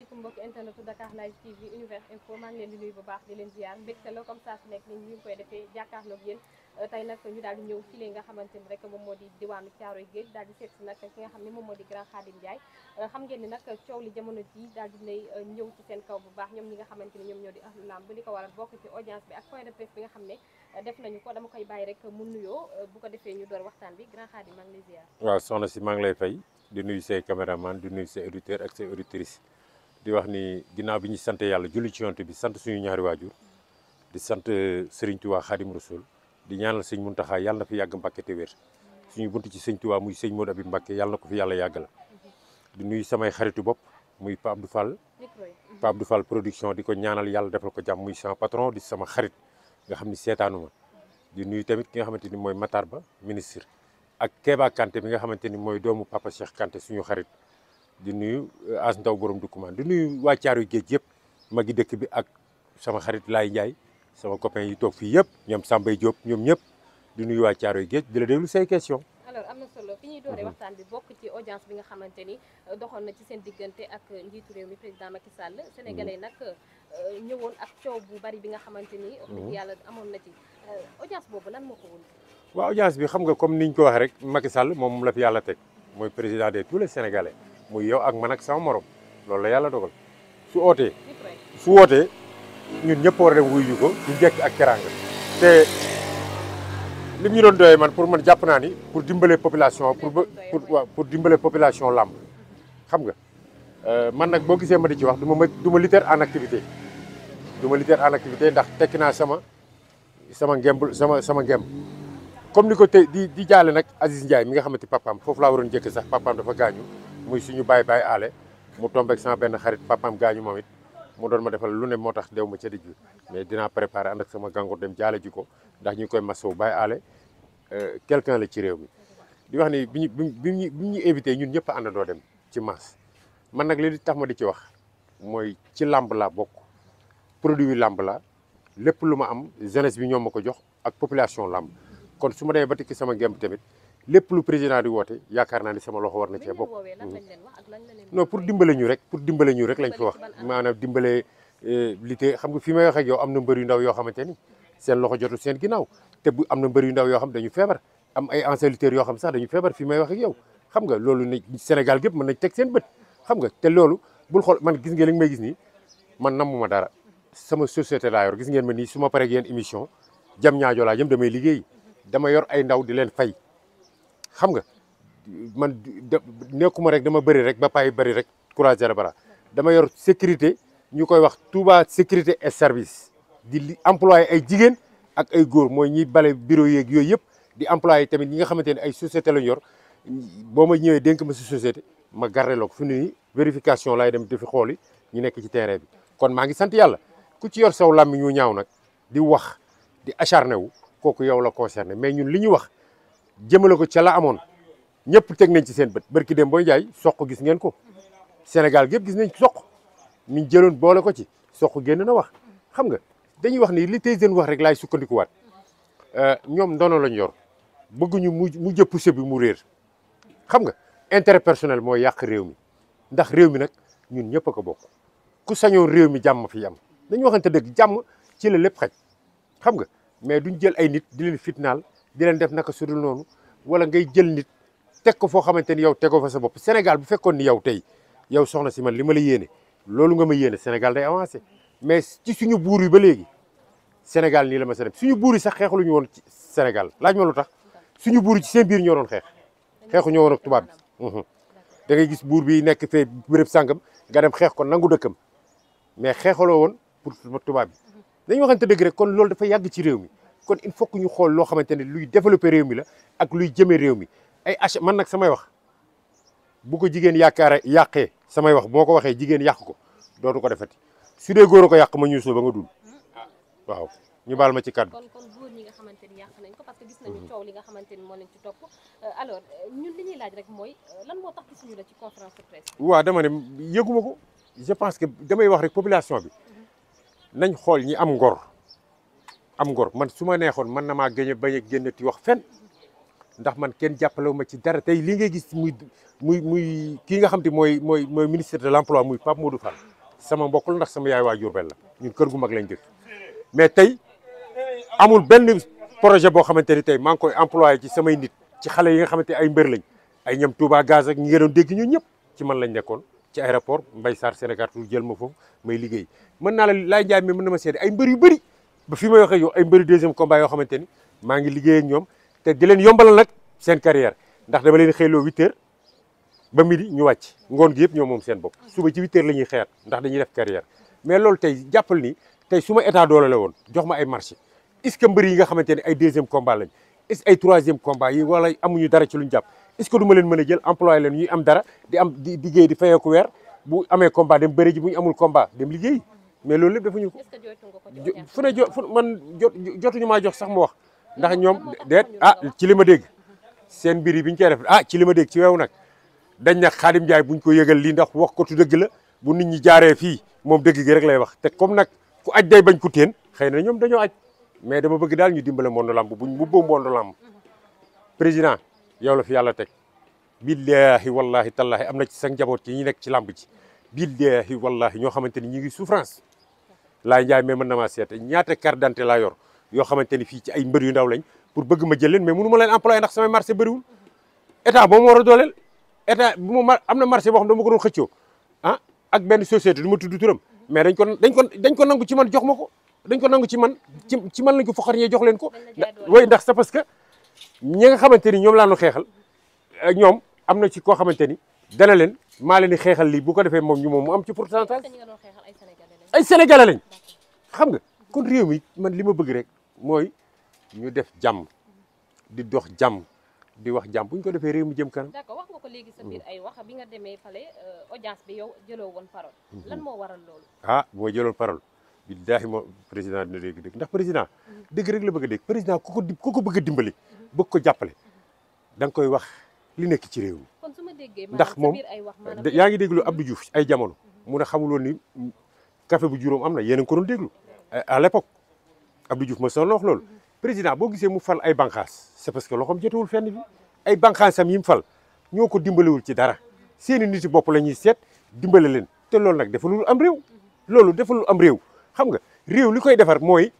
salaamaaleykum mbokki internetu Dakar Live TV Univers Info maa leen bu baax di leen ziar mbégte koy defee jàkkaarloog yéen euh, tey nag daal di ñëw fii léegi nga xamante ni rek moom moo di diwaanu Caaroy Géej daal di seet si nga xam ne moom moo di grand Khadim Ndiaye euh, xam ngeen ni coow li jamono ji daal nay euh, ñëw ci seen kaw bu baax ñoom ñi nga xamante ni ñoom ñoo di ahlu lamb bu li ko waral bokk ci audience bi ak point de bi nga xam ne def nañu ko dama koy bàyyi rek mu nuyoo bu ko defee ñu door waxtaan bi grand Khadim maa ngi lay ziar si maa ngi lay fay di nuyu say caméraman di nuyu say auditeur ak say auditrice di wax ni ginnaaw bi ñu sant yàlla julli ci yonte bi sant suñu ñaari waajur di sant euh, Serigne Touba Khadim Rasoul di ñaanal sëñ mun Mountakha yàlla na fi yàgg Mbàkke te wér suñu bunt ci sëñ Touba muy sëñ Modou bi Mbàkke yàlla na ko fi yàlla yàggal di nuy samay xaritu bopp muy Pape Abdou Fall Pape production di ko ñaanal yàlla defal ko jàmm muy sama patron di sama xarit nga xam ni seetaanuma di nuy tamit ki nga xamante ni mooy Matar Ba ministre ak Kéba Kanté bi nga xamante ni mooy doomu Papa Cheikh suñu xarit di nuyu euh, as ndaw borom du commande di nuyu waa Caaroy géej yëpp magi dëkk bi ak sama xarit Laay Njaay sama copain yi toog fii yëpp ñoom Sambay Diop ñoom ñëpp di nuyu waa Caaroy géej di la déglu say question alors am na solo fi ñuy dooree mhm. waxtaan bi bokk ci audience bi nga xamante ni euh, doxoon na ci seen diggante ak njiitu réew mi président Macky Sall mhm. sénégalais nag euh, ñëwoon ak coow bu bari bi nga xamante ni mhm. amoon na ci audience boobu lan moo ko woon waaw bi xam nga comme niñ ko wax rek Macky Sall moom la fi yàlla teg mooy président de tous muy yow ak man ak sama morom loolu la yàlla dogal su ootee su wootee ñun ñëpp war a dem ko ñu jekk ak teraanga te li ñu doon doyee man pour man jàpp naa ni pour dimbale population pour pour pour dimbale population làmb xam nga euh, man nag boo gisee ma di ci wax du ma du ma lutteur en activité du ma lutteur en activité ndax tekki naa sama sama ngemb sama sama ngemb comme ni ko te di di jaale nag Aziz Ndiaye mi nga xamante papaam foofu laa waroon njëkk sax papaam dafa gaañu muy suñu baay baay aale mu tombeek sama benn xarit papam gaañu moom it mu doon ma defal lu ne moo tax dew ma ca dij bi mais dinaa préparer ànd ak sama dem jaale ji ko ndax ñu koy masawu baay aale euh, quelqu'un la ci réew mi di wax ni bi ñu bi ñu bi ñu invité ñun ñëpp a àndandoo dem ci maas man nag li tax ma di ci wax mooy ci làmb laa bokk produit làmb la lépp lu ma am jeunesse bi ñoom ma ko jox ak population làmb kon su ma demee ba tikki sama ngemb tamit lépp lu président di woote yaakaar naa ni sama loxo war na cee bokk non pour dimbale ñu rek pour dimbale ñu rek lañ fi wax maanaam dimbale eh, li xam nga fi may wax ak am na mbër yu ndaw yoo xamante ni seen loxo jotul seen ginnaaw te bu am na mbër yu ndaw yoo xam dañu feebar am ay anciens lutteurs yoo xam sax dañu feebar fi may wax ak yow xam nga loolu ne Sénégal gépp mën nañ teg seen bët xam nga te loolu bul xool man gis nga li may gis nii man nammuma dara sama société laa yor gis ngeen ma nii su ma paree ak émission jam ñaajo laa jëm damay liggéey dama yor ay ndaw di leen fay xam nga man nekkuma rek dama bëri rek ba payi bëri rek courage bara dama yor sécurité ñu koy wax Touba sécurité et service di li employé ay jigéen ak ay góor mooy ñiy bale bureau yeeg yooyu yëpp di employé tamit ñi nga xamante ne ay société lañ yor boo ma ñëwee dénk ma si société ma garé la ko fi nii vérification lay dem defi xool yi ñu nekk ci terrain bi kon maa ngi sant yàlla ku ci yor saw làmmi ñu ñaaw nag di wax di acharné wu kooku yow la concerné mais ñun li ñu wax jëmale ko ca la amoon ñëpp teg nañ ci seen bët barki dem booy jaay soq gis ngeen ko Sénégal gépp gis nañ soq mi jëloon boole ko ci soq génn na wax xam nga dañuy wax ni li tey seen wax rek laay sukkandikuwaat euh, ñoom ndono lañ yor bëgguñu mu mu jëpp poussé mu réer xam nga intérêt personnel mooy yàq réew mi ndax réew mi nag ñun ñëpp ko bokk ku sañoon réew mi jàmm fi am dañu waxante dëgg jàmm ci la lépp xaj xam nga mais duñ jël ay nit di leen fitnaal di leen def naka sudul noonu wala ngay jël nit teg ko foo xamante ni yow ko fa sa bopp Sénégal bu fekkoon ni yow tey yow soxna si man li ma la yéene loolu nga ma yéene Sénégal day avancé mais ci suñu buur yi ba léegi Sénégal nii la ma sa dem suñu buur yi sax xeexluñu woon ci Sénégal laaj ma lu tax suñu buur yi ci seen biir ñoo doon xeex xeexu ñoo woon ak tubaab bi mhm. da ngay gis buur bi nekk fee béréb sàngam nga dem xeex ko nangu dëkkam mais xeexaloo woon pour tubaab bi dañu waxante dëgg rek kon loolu dafa yàgg ci réew mi kon il faut que ñu xool loo xamante ni luy développer réew mi la ak luy jëmee réew mi ay H man nag samay wax bu ko jigéen yaakaare yàqee samay wax boo ko waxee jigéen yàq ko dootu ko defati su dee góor ko yàq ma ñuusul ba nga dul waaw ñu baal ma ci kàddu. kon kon góor ñi mhm. li nga xamante ni moo leen ci topp euh, alors ñun li laaj rek mooy euh, lan moo tax gisuñu la ci conférence de dama ne yëguma ko je pense que damay wax rek population bi mhm. nañ xool ñi am ngor. am ngor man su ma neexoon mën na maa gën a bañ a génnati wax fen ndax man kenn jàppalewu ma ci dara tey lii ngay gis muy muy muy kii nga xam ti mooy mooy mooy ministre de l'emploi muy Pape Modou Fall sama mbokk la ndax sama yaay waa Diourbel la ñun kër gu mag lañ dëkk mais tey amul benn projet boo xamante ni tey maa ngi koy employé ci samay nit ci xale yi nga xamante ay mbër lañ ay ñam Touba gaz ak ñi nga doon ñëpp ci man lañ nekkoon ci aéroport mbay saar Sénégal jël ma foofu may liggéey mën naa la laay njaay mi mën na ma seede ay mbër yu bëri ba fi ma waxee yow ay mbëri deuxième combat yoo xamante ni maa ngi liggéey ñoom te di leen yombalal nag seen carrière ndax dama leen xëyloo huit heures ba midi ñu wàcc ngoon gi yëpp ñoom moom seen bopp suba ci huit heures la ñuy xeer ndax dañuy def carrière mais loolu tey jàppal ni tey su ma état doole la woon jox ma ay marché est ce que yi nga xamante ne ay deuxième combat lañ est ce ay troisième combat yi wala amuñu dara ci luñ jàpp est ce que leen mën a jël employé leen ñuy am dara di am di liggéey di fayeeku weer bu amee combat bëri ji bu ñu amul combat dem liggéey mais loolu lépp defuñu ko fu ne jo fu man jotuñu maa jox sax mu wax ndax ñoom deet ah ci li ma dégg seen mbir bi biñ koy def ah ci li ma dégg ci weew nag dañ nag Xaadim Njaay buñ ko yëgal lii ndax wax ko tu dëgg la bu nit ñi jaaree fii moom dëgg gi rek lay wax te comme nag ku aj day bañ ku teen xëy na ñoom dañoo aj mais dama bëgg daal ñu dimbale monde lamb buñ bu boobu monde lamb président yow la fi yàlla teg billaahi wallahi tallaahi am na ci sa njaboot yi ñu nekk ci lamb ji billaahi wallahi ñoo xamante ni ñu ngi souffrance laay njaay mais mën na maa seete ñaata carte d'identité laa yor yoo xamante ni fii ci mbër yu ndaw lañ pour bëgg ma jël leen mais ma leen employé ndax samay marché bëriwul état boo ma war a dooleel état bu ma ma am na marché boo xam dama ko doon xëccoo ah, benn société du ma tudd turam mais dañ ko dañ ko dañ ko nangu ci man jox ma ko dañ ko nangu ci man ci ci man lañ ko foxar ñee jox leen ko way ndax c'est parce que ñi nga xamante ni ñoom laa nu xeexal ñoom am na ci koo xamante ni dana leen maa leen di xeexal lii bu defee moom ñu moom mu am ci pourcentage ay sénégalais xam nga kon réew mi man li ma bëgg rek mooy ñu def jàmm di dox jàmm di wax jàmm bu ñu ko defee réew mi jëm kanam. d'accord wax mm. ay wax bi nga demee fale euh, audience bi yow jëloo woon parole. Mm-hmm. lan waral loolu. ah boo jëloon parole. billaahi moo président dina dégg ndax président mm-hmm. dégg la bëgg a président ku ko ko bëgg dimbali mm-hmm. bëgg ko jàppale da koy wax li nekk ci réew mi. kon su ma ndax moom yaa ngi déglu Abdou Diouf ay jamono. mu ne xamuloon ni kafe bu juróom am na yéen a ko doon déglu à l'époque Abdou Diouf ma soon loolu président boo gisee mu fal ay banqaas c'est parce que loxoom jotewul fen bi ay banqaasam yi mu fal ñoo ko dimbalewul ci dara seeni nit bopp la ñuy seet dimbale leen te loolu nag defalul am réew loolu defalul am réew xam nga réew li koy defar mooy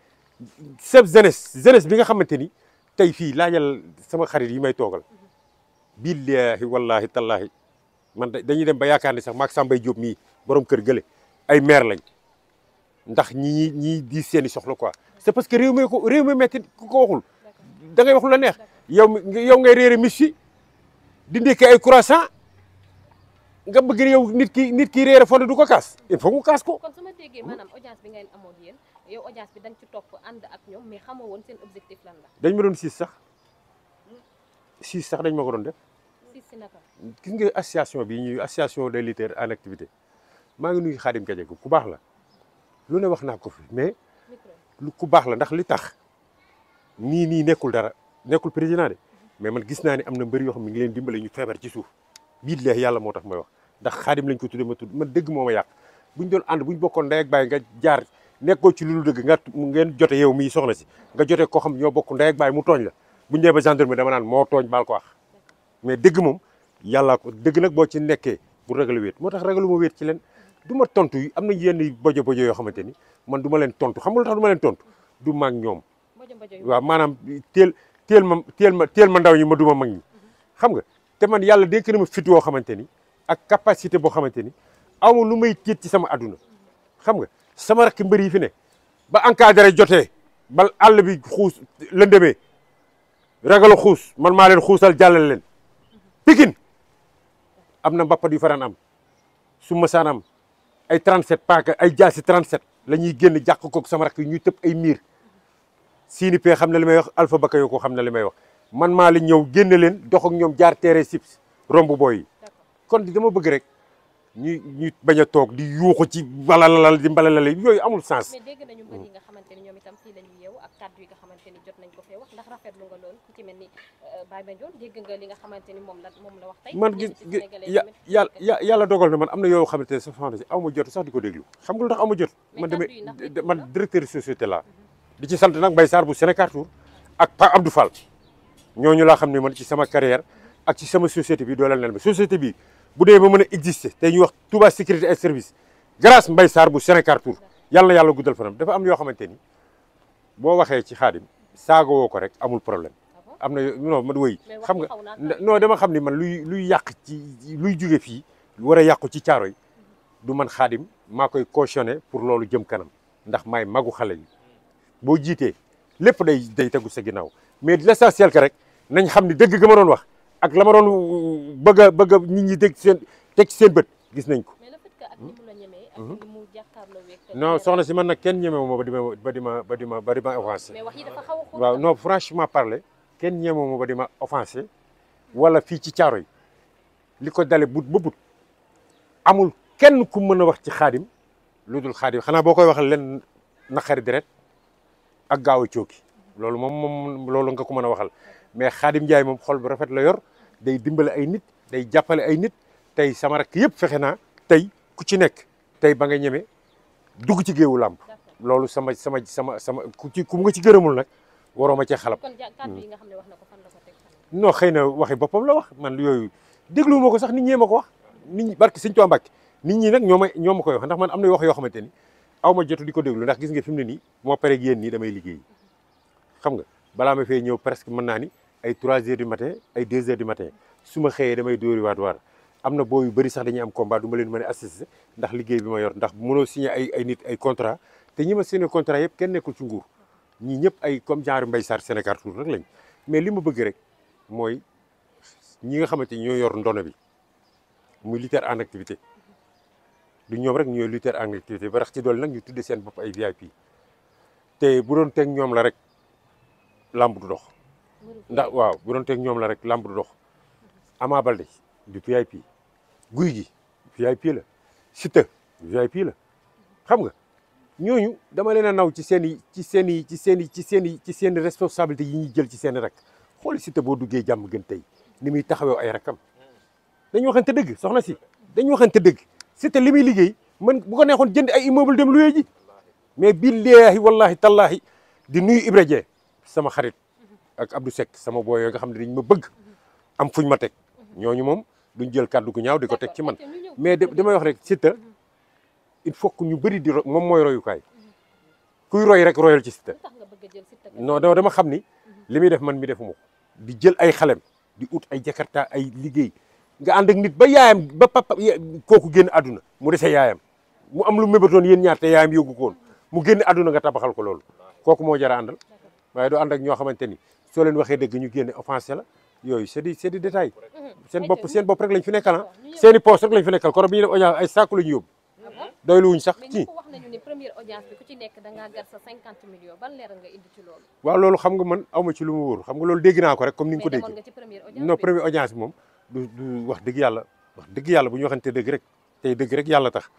seb jeunesse jeunesse bi nga xamante ni tey fii laajal sama xarit yi may toogal billahi wallahi tallahi man dañuy dem ba yaakaar ni sax maak Sambay Diop mii borom kër gële ay maire lañ ndax ñi ñi di seeni soxla quoi c'est parce que réew mi ko réew mi metti ku ko waxul da ngay wax la neex yow yow ngay réere mis fi di ndekki ay croissant nga bëgg yow nit ki nit ki réere fonde du ko kaas il faut mu kaas ko. kon su ma bi ngeen amoon yéen yow bi da nga topp ànd ak ñoom mais xamoo woon seen la. dañ ma doon siis sax siis sax dañ ma ko doon def. siis si naka. gis nga association bi ñuy association des lutteurs en activité maa ngi nuyu Khadim Kadiaga ku baax la. lu ne wax naa ko fi mais lu ku baax la ndax li tax nii nii nekkul dara nekkul président de mais man gis naa ni am na mbër yoo xam ne ngi dimbale ñu feebar ci suuf billahi yàlla moo tax may wax ndax xaadim lañ ko tudde ma tudd moo ma yàq buñ doon ànd buñ bokkoon ndey ak nga jaar nekkoo ci lu dëgg nga ngeen jote yow mii soxna si nga jote koo xam ñoo bokk ndey baay mu tooñ la buñ ñëwee ba gendarme dama naan moo tooñ baal ko wax mais dëgg moom yàllaa ko dëgg nag boo ci nekkee bu ragal wéet moo tax ragal ma wéet ci leen du ma tontu yi am na yenn bojo bojo yoo xamante ni man duma leen tontu xam nga lu tax du ma leen tontu du ma ak ñoom. waaw maanaam teel teel ma teel ma teel ma ndaw ñi ma du mag ñi. xam nga te man yàlla dénk na ma fit woo xamante ni ak capacité boo xamante ni aw ma lu may tiit ci sama adduna. xam nga sama rakk mbër yi fi ne ba encadré jote bal àll bi xuus lëndëmee ragal xuus man maa leen xuusal jàllale leen. Pikine am na mbappat yu faran am su ma saan am. ay 37 paaka ay jaasi 37 la ñuy génn jàq koog sama rakk yi ñuy tëb ay miir siini pee xam na li may wax alpha baka yoo ko xam na li may wax man maa la ñëw génn leen dox ak ñoom jaar teere sips romb booy yi kon dama bëgg rek ñuy ñu bañ a toog di yuuxu ci balalal di mbalalal yooyu amul sens. la ñu yeewu ak kàddu yi nga xamante ni jot nañ ko fee wax ndax rafetlu euh, nga xamante ni moom la moom la wax tey. man gis yàlla yàlla dogal na man am na yoo xamante ne sax si aw ma sax di ko déglu xam nga lu tax aw ma jot. man damay man directeur société la mhm. di ci sant nag Mbaye Sarr bu Sénécartour ak Pa Abdou ñoo ñu laa xam ne man ci sama carrière ak ci sama société bi dooleel na ma société bi bu dee ba mën a exister tey ñuy wax Touba sécurité et service grâce mbay Sarr bu Sénécartour yàlla na yàlla guddal fanam dafa am yoo xamante ni boo waxee ci xaadim saago woo ko rek amul problème ah am na non man wëy xam nga non dama xam ni man luy luy yàq ci luy juge fii war a yàqu ci caaro yi du man xaadim maa koy cautionné pour loolu jëm kanam ndax maay magu xale yi boo jiitee lépp day day tegu sa ginnaaw mais l'essentiel que rek nañ xam ni dëgg ga ma doon wax ak la ma doon bëgg a bëgg nit ñi dégg seen teg seen bët gis nañ ko. mais le fait mhm. soxna si man nag kenn ñemewu ma ba di ma ba di ma ba di waaw non franchement parler kenn ñemewu ma ba di ma offensé wala fii ci caaro yi li ko dale but ba but amul kenn ku mën a wax ci xaadim lu dul xaadim xanaa boo koy wax leen naqari deret ak gaaw a cooki loolu moom moom loolu nga ko mën a waxal. mais Xaadim Njaay moom xol bu rafet la yor day dimbale ay nit day jàppale ay nit tey sama rakk yëpp fexe naa tey ku ci nekk tey ba nga ñeme dugg ci géewu làmb loolu sama sama sama sama ku ci ku nga ci gërëmul nag waroo ma cee xalab. kon kàddu nga xam ne wax na xëy na waxi boppam la wax man yooyu déglu ma ko sax nit ñee ma ko wax nit ñi barki Sëñ Tuubaa nit ñi nag ñoo ma ñoo ma koy wax ndax man am na wax yoo xamante ni aw ma jotu di ko déglu ndax gis nga fi mu ne nii moo pareeg yéen nii damay liggéey xam nga. balaa ma fay ñëw presque mën naa ni ay 3 heures du matin ay 2 heures du matin su ma xëyee damay dóori waat waar am na boo yu bëri sax dañuy am combat du ma leen mën a assister ndax liggéey bi ma yor ndax mënoo signé ay ay nit ay contrat te ñi ma signé contrat yëpp kenn nekkul ci nguur ñi ñëpp ay comme genre mbay saar Sénégal tuur rek lañ mais li ma bëgg rek mooy ñi nga xamante ñoo yor ndono bi muy lutteur en activité lu ñoom rek ñooy lutteur en activité ba tax ci dool nag ñu tudde seen bopp ay VIP te bu doon teg ñoom la rek làmb du dox. ndax waaw bu doon teg ñoom la rek làmb du dox. Ama Baldé guy gi VIP la Siteu VIP la xam nga ñooñu dama leen a naw ci seen i ci seen i ci seen i ci seen i ci seen i responsabilité yi ñuy jël ci seen i rek xool Siteu boo duggee jàmm gën tey ni muy taxawee ay rakam dañu waxante dëgg soxna si dañu waxante dëgg Siteu li muy liggéey man bu ko neexoon jënd ay immeuble dem luye ji mais billahi wallahi tallahi di nuyu Ibra sama xarit ak Abdou Seck sama booy yoo nga xam ne dañ ma bëgg am fuñ ma teg ñooñu moom duñ jël kàddu gu ñaaw di ko teg ci man mais damay wax rek Siteu il faut que ñu bëri di moom mooy royukaay kuy rek royal ci Siteu non dama xam ni li muy def man mi defuma ko di jël ay xalem di ut ay jakarta ay liggéey nga ànd ak nit ba yaayam ba papa kooku génn àdduna mu dese yaayam mu am lu mébatoon yéen ñaar te yaayam yóbbu ko mu génn àdduna nga tabaxal ko loolu kooku moo jara àndal waaye doo ànd ak ñoo xamante ni soo leen waxee dëgg ñu génne offensé la yooyu c'est di c'est di détail mhm. seen bopp seen rek lañ fi nekkal ah seeni i poste rek lañ fi nekkal koro ah bi ñu def ay sàkku la ñu yóbbu doy luwuñ sax ci wax nga indi waaw loolu xam nga man awma ci lu mu wóor xam nga loolu dégg naa ko rek comme ni nga ko dégg non première audience bi moom du wax dëgg yàlla wax dëgg yàlla bu ñu waxante dëgg rek tey dëgg rek yàlla tax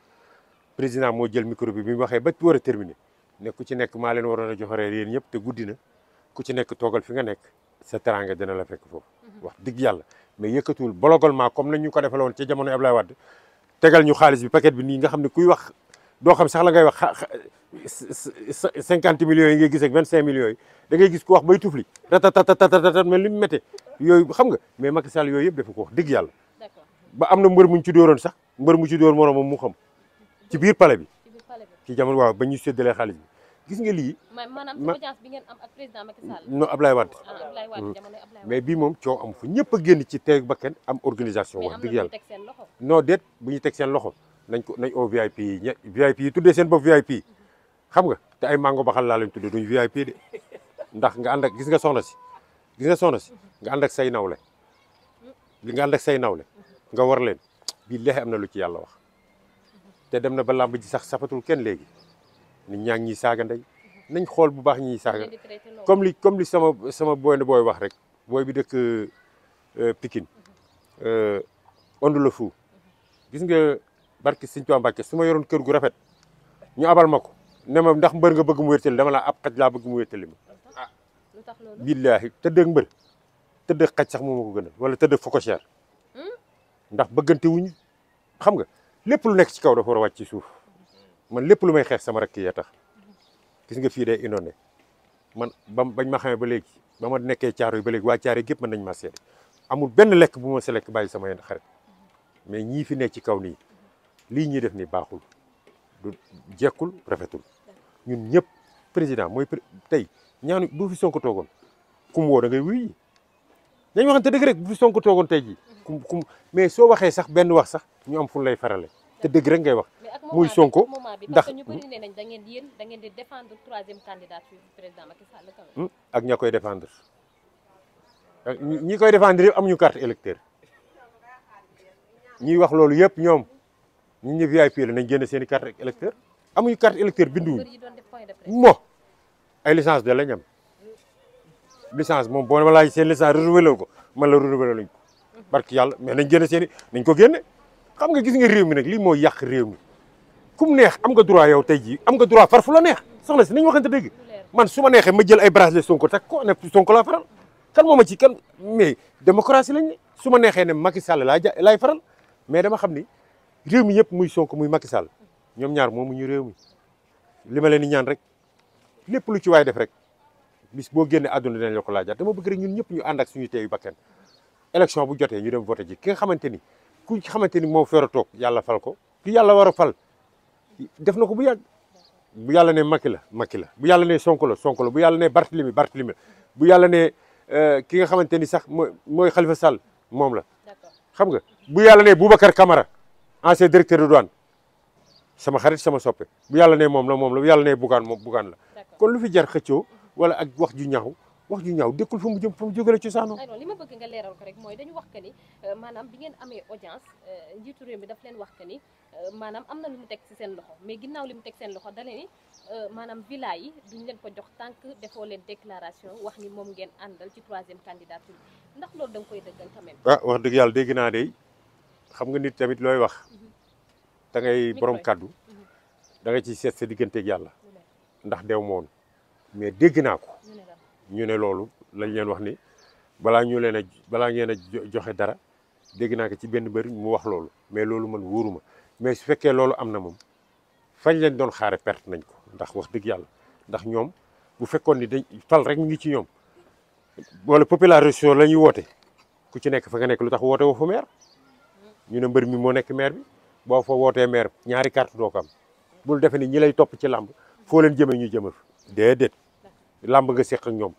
président moo jël micro bi bi mu waxee ba war a terminé ne ku ci nekk maa leen waroon a jox reer yéen ñëpp te guddi na ku ci nekk toogal fi nga nekk sa teraanga dina la fekk foofu mhm. wax dëgg yàlla mais yëkkatuwul bologalement comme nañ ñu ko defaloon ca jamono Ablaye Wade tegal ñu xaalis bi paquet bi nii nga xam ne kuy wax doo xam sax la ngay wax cinquante millions yi ngay gis ak vingt cinq millions yi da ngay gis ku wax bay tufli ratatatatatatat mais li mu méttee yooyu xam nga mais Macky Sall yooyu yëpp dafa ko wax yàlla ba am na mbër muñ ci dóoroon sax mbër mu ci dóor moom mu xam ci biir pale bi ci jamono waaw ba ñu séddalee xaalis bi gis nga lii. maanaam audience bi ngeen ah, mm. mais bii moom coow am fu ñëpp génn ci teeg bakkan am organisation. wax dëgg yàlla non déet bu ñu teg seen loxo. nañ ko nañ oo VIP yi ña VIP tuddee seen bopp VIP xam nga te ay mango baxal laa leen tuddee duñ VIP de ndax nga ànd ak gis nga soxna si gis nga soxna si nga ànd ak say nawle li nga ànd say nawle nga war leen bii am na lu ci yàlla wax te dem na ba làmb ji sax safatul kenn léegi nit ñaa ngi saaga ndey nañ xool bu baax ñuy saaga comme li comme li sama sama booy na booy wax rek booy bi dëkk euh, pikin mhm. euh, Onde le Fou gis nga barki Sëñ Tuubaa Mbàkke su ma yoroon kër gu rafet ñu abal ma ko ne ma ndax mbër nga bëgg mu wéttali dama laa ab xaj laa bëgg mu wéttali ma ah billaahi tëdd ak mbër tëdd ak xaj sax moo ma ko gënal wala tëdd ak fokosière hmm? ndax bëggante wuñu xam nga lépp lu nekk ci kaw dafa war a wàcc ci suuf man lépp lu may xeex sama rakk ya tax gis nga fii day inondé man ba bañ ma xamee ba léegi ba ma nekkee caaro yi ba léegi waa caaro yi gépp mën nañ ma seede amul benn lekk bu ma sa lekk bàyyi sama yenn xarit mais ñii fi nekk ci kaw nii lii ñuy def nii baaxul jekkul rafetul ñun ñëpp président mooy tey ñaanu bu fi Sonko toogoon ku mu woo da ngay wuy dañ waxante dëgg rek bu fi Sonko toogoon tey ji ku ku mais soo waxee sax benn wax sax ñu am fu lay farale te dëgg rek ngay wax muy Sonko ndax hmm? ak ña koy defendre ñi koy défendre yëpp amuñu carte électeur ñuy wax loolu yëpp ñoom ñi ñu VIP la nañ génne seeni i carte électeur amuñu carte électeur binduwuñ mo ay licence de lañ licence moom boo ma laaj seen licence renouvelé ko man la renouvelé lañ ko hmm. barki yàlla nañ génne seen nañ ko génne xam nga gis nga réew mi nag lii mooy yàq réew mi kum neex am nga droit yow tey jii am nga droit far fu la neex soxna si nañu waxante dégg man su ma neexee ma jël ay bracelet Sonko teg ko ne laa faral kan moo ma ci kan mais démocratie lañ ne su ma neexee ne Macky Sall laa ja laay faral mais dama xam ni réew mi yëpp muy Sonko muy Macky Sall ñoom ñaar moomu ñu réew mi li ma leen di ñaan rek lépp lu ci waay def rek boo génnee àdduna dinañ la ko laajaat dama bëgg rek ñun ñëpp ñu ànd ak suñu teeyu bakkan élection bu jotee ñu dem voté ji ki nga xamante ni ku xamante ni moo fer toog yàlla fal ko ku yàlla war a fal def na ko bu yàgg bu yàlla ne Macky la Macky la bu yàlla ne Sonko la Sonko la bu yàlla ne Barthélemy Barthélemy la bu yàlla ne euh, ki nga xamante ni sax mooy mooy Khalifa Sall moom la xam nga bu yàlla ne Boubacar Camara ancien directeur de douane sama xarit sama soppe bu yàlla ne moom la moom la bu yàlla ne Bougane moom Bougane la kon lu fi jar xëccoo wala ak wax ju ñaxu wax ju ñaaw dëkkul fu mu jëm fu mu jógale ci saano li ma bëgg nga leeral ko rek mooy dañu wax que ni euh, maanaam bi ngeen amee audience euh, njiitu réew mi daf leen wax que ni euh, maanaam am na lu mu teg ci seen loxo mais ginnaaw li mu teg seen loxo dale ni maanaam villa yi duñ leen ko jox tànk defoo leen déclaration wax ni moom ngeen àndal ci troisième candidature ndax loolu da koy ah, wax dëgg yàlla dégg naa de xam nga nit tamit looy wax mhm. da ngay borom kàddu mhm. da nga seet sa digganteeg yàlla ndax dew dégg naa ñu ne loolu lañ leen wax ni balaa ñu leen a balaa ngeen a joxe dara dégg naa ko ci benn bëri mu wax loolu mais loolu man wóoruma mais su fekkee loolu am na moom fañ leen doon xaare perte nañ ko ndax wax dëgg yàlla ndax ñoom bu fekkoon ni dañ fal rek mu ngi ci ñoom wala population la ñuy woote ku ci nekk fa nga nekk lu tax woote woo fa meer ñu ne mbër mi moo nekk maire bi boo fa wootee maire ñaari carte doo ko am bul defee ni ñi lay topp ci làmb foo leen jëme ñu jëme fa déedéet làmb nga seq ñoom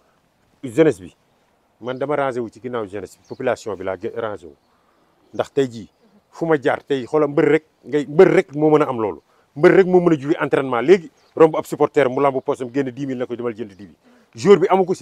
jeunesse bi man dama rangé wu ci ginnaaw jeunesse bi population bi laa rangé wu ndax tey jii fu ma jaar tey xoola mbër rek ngay mbër rek moo mën a am loolu mbër rek moo mën a jubi entraînement léegi romb ab supporter mu lamb poosam génn 10 000 na ko demal jënd dibi jour bi amu ko